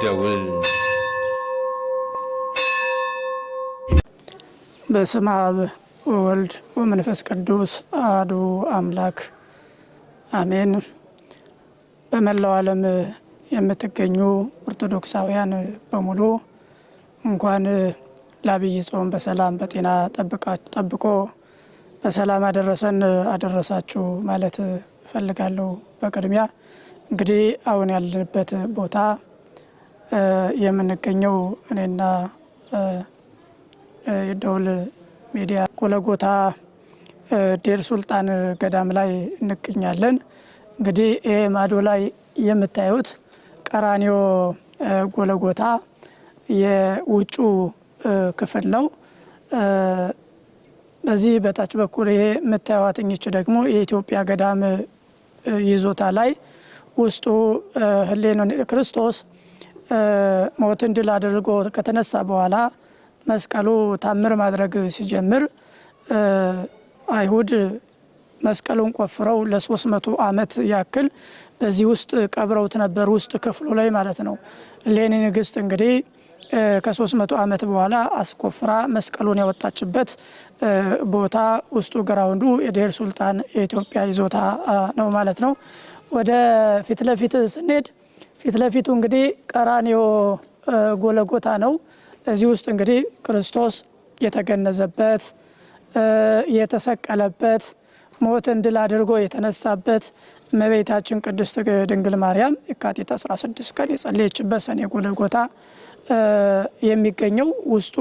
ደውል። በስመ አብ ወወልድ ወመንፈስ ቅዱስ አሐዱ አምላክ አሜን። በመላው ዓለም የምትገኙ ኦርቶዶክሳውያን በሙሉ እንኳን ለአብይ ጾም በሰላም በጤና ጠብቆ በሰላም አደረሰን አደረሳችሁ ማለት እፈልጋለሁ። በቅድሚያ እንግዲህ አሁን ያለንበት ቦታ የምንገኘው እኔና የደውል ሚዲያ ጎለጎታ ዴር ሱልጣን ገዳም ላይ እንገኛለን። እንግዲህ ይሄ ማዶ ላይ የምታዩት ቀራኒዮ ጎለጎታ የውጩ ክፍል ነው። በዚህ በታች በኩል ይሄ የምታዩት ደግሞ የኢትዮጵያ ገዳም ይዞታ ላይ ውስጡ ህሌኖን ክርስቶስ ሞትን ድል አድርጎ ከተነሳ በኋላ መስቀሉ ታምር ማድረግ ሲጀምር አይሁድ መስቀሉን ቆፍረው ለሶስት መቶ ዓመት ያክል በዚህ ውስጥ ቀብረውት ነበር፣ ውስጥ ክፍሉ ላይ ማለት ነው። ሌኒ ንግስት እንግዲህ ከሶስት መቶ ዓመት በኋላ አስቆፍራ መስቀሉን ያወጣችበት ቦታ ውስጡ ግራውንዱ የዴር ሱልጣን የኢትዮጵያ ይዞታ ነው ማለት ነው። ወደ ፊት ለፊት ስንሄድ ፊት ለፊቱ እንግዲህ ቀራንዮ ጎለጎታ ነው። እዚህ ውስጥ እንግዲህ ክርስቶስ የተገነዘበት የተሰቀለበት ሞትን ድል አድርጎ የተነሳበት እመቤታችን ቅድስት ድንግል ማርያም የካቲት 16 ቀን የጸለየችበት ሰኔ ጎለጎታ የሚገኘው ውስጡ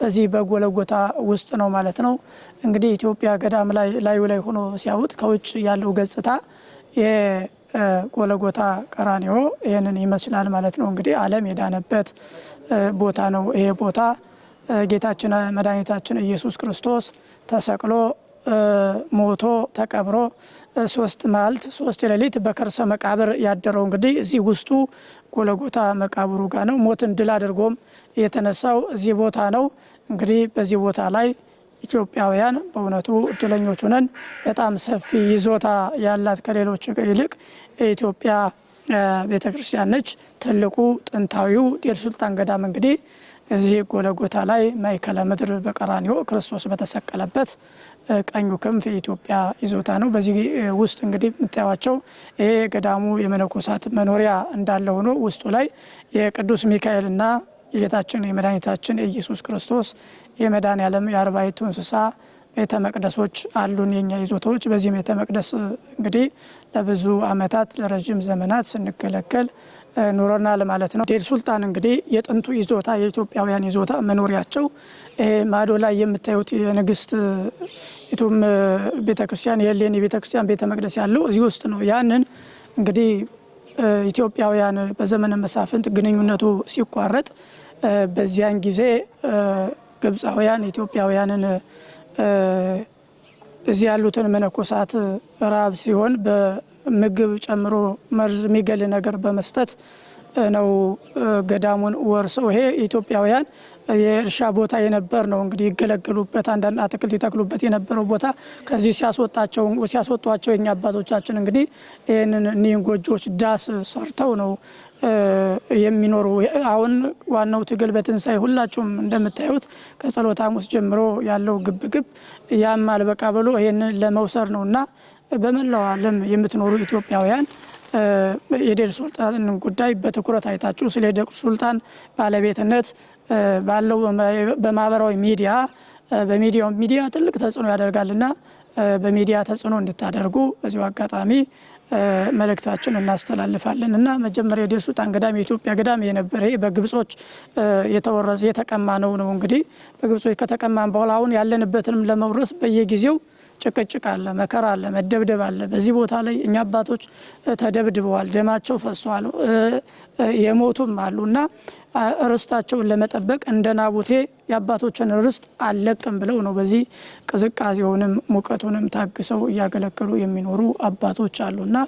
በዚህ በጎለጎታ ውስጥ ነው ማለት ነው። እንግዲህ ኢትዮጵያ ገዳም ላይ ላዩ ላይ ሆኖ ሲያዩት ከውጭ ያለው ገጽታ ጎለጎታ ቀራኒዮ ይህንን ይመስላል ማለት ነው። እንግዲህ ዓለም የዳነበት ቦታ ነው። ይሄ ቦታ ጌታችን መድኃኒታችን ኢየሱስ ክርስቶስ ተሰቅሎ ሞቶ ተቀብሮ ሶስት መዓልት ሶስት ሌሊት በከርሰ መቃብር ያደረው እንግዲህ እዚህ ውስጡ ጎለጎታ መቃብሩ ጋር ነው። ሞትን ድል አድርጎም የተነሳው እዚህ ቦታ ነው። እንግዲህ በዚህ ቦታ ላይ ኢትዮጵያውያን በእውነቱ እድለኞች ሆነን በጣም ሰፊ ይዞታ ያላት ከሌሎች ይልቅ የኢትዮጵያ ቤተ ክርስቲያን ነች። ትልቁ ጥንታዊው ዴር ሱልጣን ገዳም እንግዲህ እዚህ ጎለጎታ ላይ ማይከለ ምድር በቀራኒዮ ክርስቶስ በተሰቀለበት ቀኙ ክንፍ የኢትዮጵያ ይዞታ ነው። በዚህ ውስጥ እንግዲህ የምታያቸው ይሄ ገዳሙ የመነኮሳት መኖሪያ እንዳለ ሆኖ ውስጡ ላይ የቅዱስ ሚካኤልና የጌታችን የመድኃኒታችን የኢየሱስ ክርስቶስ የመዳን ያለም የአርባይቱ እንስሳ ቤተ መቅደሶች አሉን የኛ ይዞታዎች። በዚህ ቤተ መቅደስ እንግዲህ ለብዙ ዓመታት ለረዥም ዘመናት ስንገለገል ኑረናል ማለት ነው። ዴል ሱልጣን እንግዲህ የጥንቱ ይዞታ የኢትዮጵያውያን ይዞታ መኖሪያቸው ማዶ ላይ የምታዩት የንግስት ቱም ቤተክርስቲያን የሌኒ ቤተክርስቲያን ቤተ መቅደስ ያለው እዚህ ውስጥ ነው። ያንን እንግዲህ ኢትዮጵያውያን በዘመነ መሳፍንት ግንኙነቱ ሲቋረጥ በዚያን ጊዜ ግብፃውያን ኢትዮጵያውያንን እዚህ ያሉትን መነኮሳት ረሃብ ሲሆን በምግብ ጨምሮ መርዝ የሚገል ነገር በመስጠት ነው ገዳሙን ወርሰው ይሄ ኢትዮጵያውያን የእርሻ ቦታ የነበር ነው እንግዲህ ይገለገሉበት አንዳንድ አትክልት ይተክሉበት የነበረው ቦታ ከዚህ ሲያስወጣቸው ሲያስወጧቸው የኛ አባቶቻችን እንግዲህ ይህንን እኒህን ጎጆዎች ዳስ ሰርተው ነው የሚኖሩ። አሁን ዋናው ትግል በትንሳኤ ሁላችሁም እንደምታዩት ከጸሎተ ሐሙስ ጀምሮ ያለው ግብግብ ያም አልበቃ ብሎ ይህንን ለመውሰድ ነው እና በመላው ዓለም የምትኖሩ ኢትዮጵያውያን የዴር ሱልጣን ጉዳይ በትኩረት አይታችሁ ስለ ዴር ሱልጣን ባለቤትነት ባለው በማህበራዊ ሚዲያ በሚዲያው ሚዲያ ትልቅ ተጽዕኖ ያደርጋልና በሚዲያ ተጽዕኖ እንድታደርጉ በዚሁ አጋጣሚ መልእክታችን እናስተላልፋለን እና መጀመሪያ የዴር ሱልጣን ገዳም የኢትዮጵያ ገዳም የነበረ በግብጾች የተወረሰ የተቀማ ነው ነው እንግዲህ በግብጾች ከተቀማን በኋላ አሁን ያለንበትንም ለመውረስ በየጊዜው ጭቅጭቅ አለ፣ መከራ አለ፣ መደብደብ አለ። በዚህ ቦታ ላይ እኛ አባቶች ተደብድበዋል፣ ደማቸው ፈሷል፣ የሞቱም አሉ እና ርስታቸውን ለመጠበቅ እንደ ናቡቴ የአባቶችን ርስት አልለቅም ብለው ነው በዚህ ቅዝቃዜውንም ሙቀቱንም ታግሰው እያገለገሉ የሚኖሩ አባቶች አሉና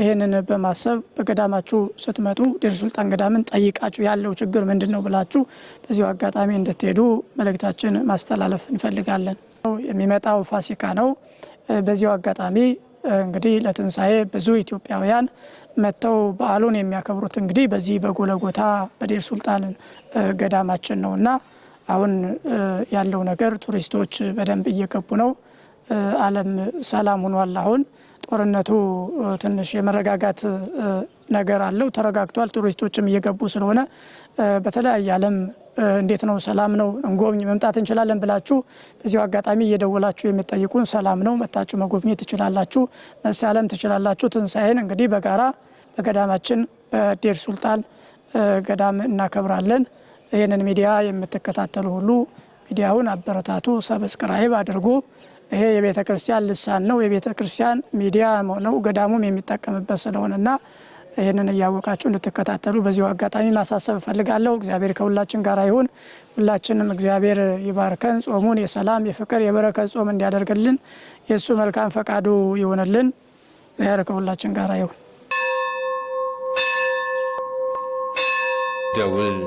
ይህንን በማሰብ በገዳማችሁ ስትመጡ ዴር ሱልጣን ገዳምን ጠይቃችሁ ያለው ችግር ምንድን ነው ብላችሁ በዚሁ አጋጣሚ እንድትሄዱ መልእክታችን ማስተላለፍ እንፈልጋለን። የሚመጣው ፋሲካ ነው። በዚሁ አጋጣሚ እንግዲህ ለትንሣኤ ብዙ ኢትዮጵያውያን መጥተው በዓሉን የሚያከብሩት እንግዲህ በዚህ በጎለጎታ በዴር ሱልጣን ገዳማችን ነው እና አሁን ያለው ነገር ቱሪስቶች በደንብ እየገቡ ነው። ዓለም ሰላም ሆኗል። አሁን ጦርነቱ ትንሽ የመረጋጋት ነገር አለው፣ ተረጋግቷል። ቱሪስቶችም እየገቡ ስለሆነ በተለያየ ዓለም እንዴት ነው ሰላም ነው እንጎብኝ መምጣት እንችላለን ብላችሁ በዚሁ አጋጣሚ እየደወላችሁ የሚጠይቁን ሰላም ነው መታችሁ መጎብኘት ትችላላችሁ፣ መሳለም ትችላላችሁ። ትንሳኤን እንግዲህ በጋራ በገዳማችን በዴር ሱልጣን ገዳም እናከብራለን። ይህንን ሚዲያ የምትከታተሉ ሁሉ ሚዲያውን አበረታቱ፣ ሰብስክራይብ አድርጉ። ይሄ የቤተ ክርስቲያን ልሳን ነው፣ የቤተ ክርስቲያን ሚዲያ ነው። ገዳሙም የሚጠቀምበት ስለሆነና ይህንን እያወቃችሁ እንድትከታተሉ በዚሁ አጋጣሚ ማሳሰብ እፈልጋለሁ። እግዚአብሔር ከሁላችን ጋር ይሁን። ሁላችንም እግዚአብሔር ይባርከን። ጾሙን የሰላም የፍቅር የበረከት ጾም እንዲያደርግልን የእሱ መልካም ፈቃዱ ይሆንልን። እግዚአብሔር ከሁላችን ጋር ይሁን። ደውል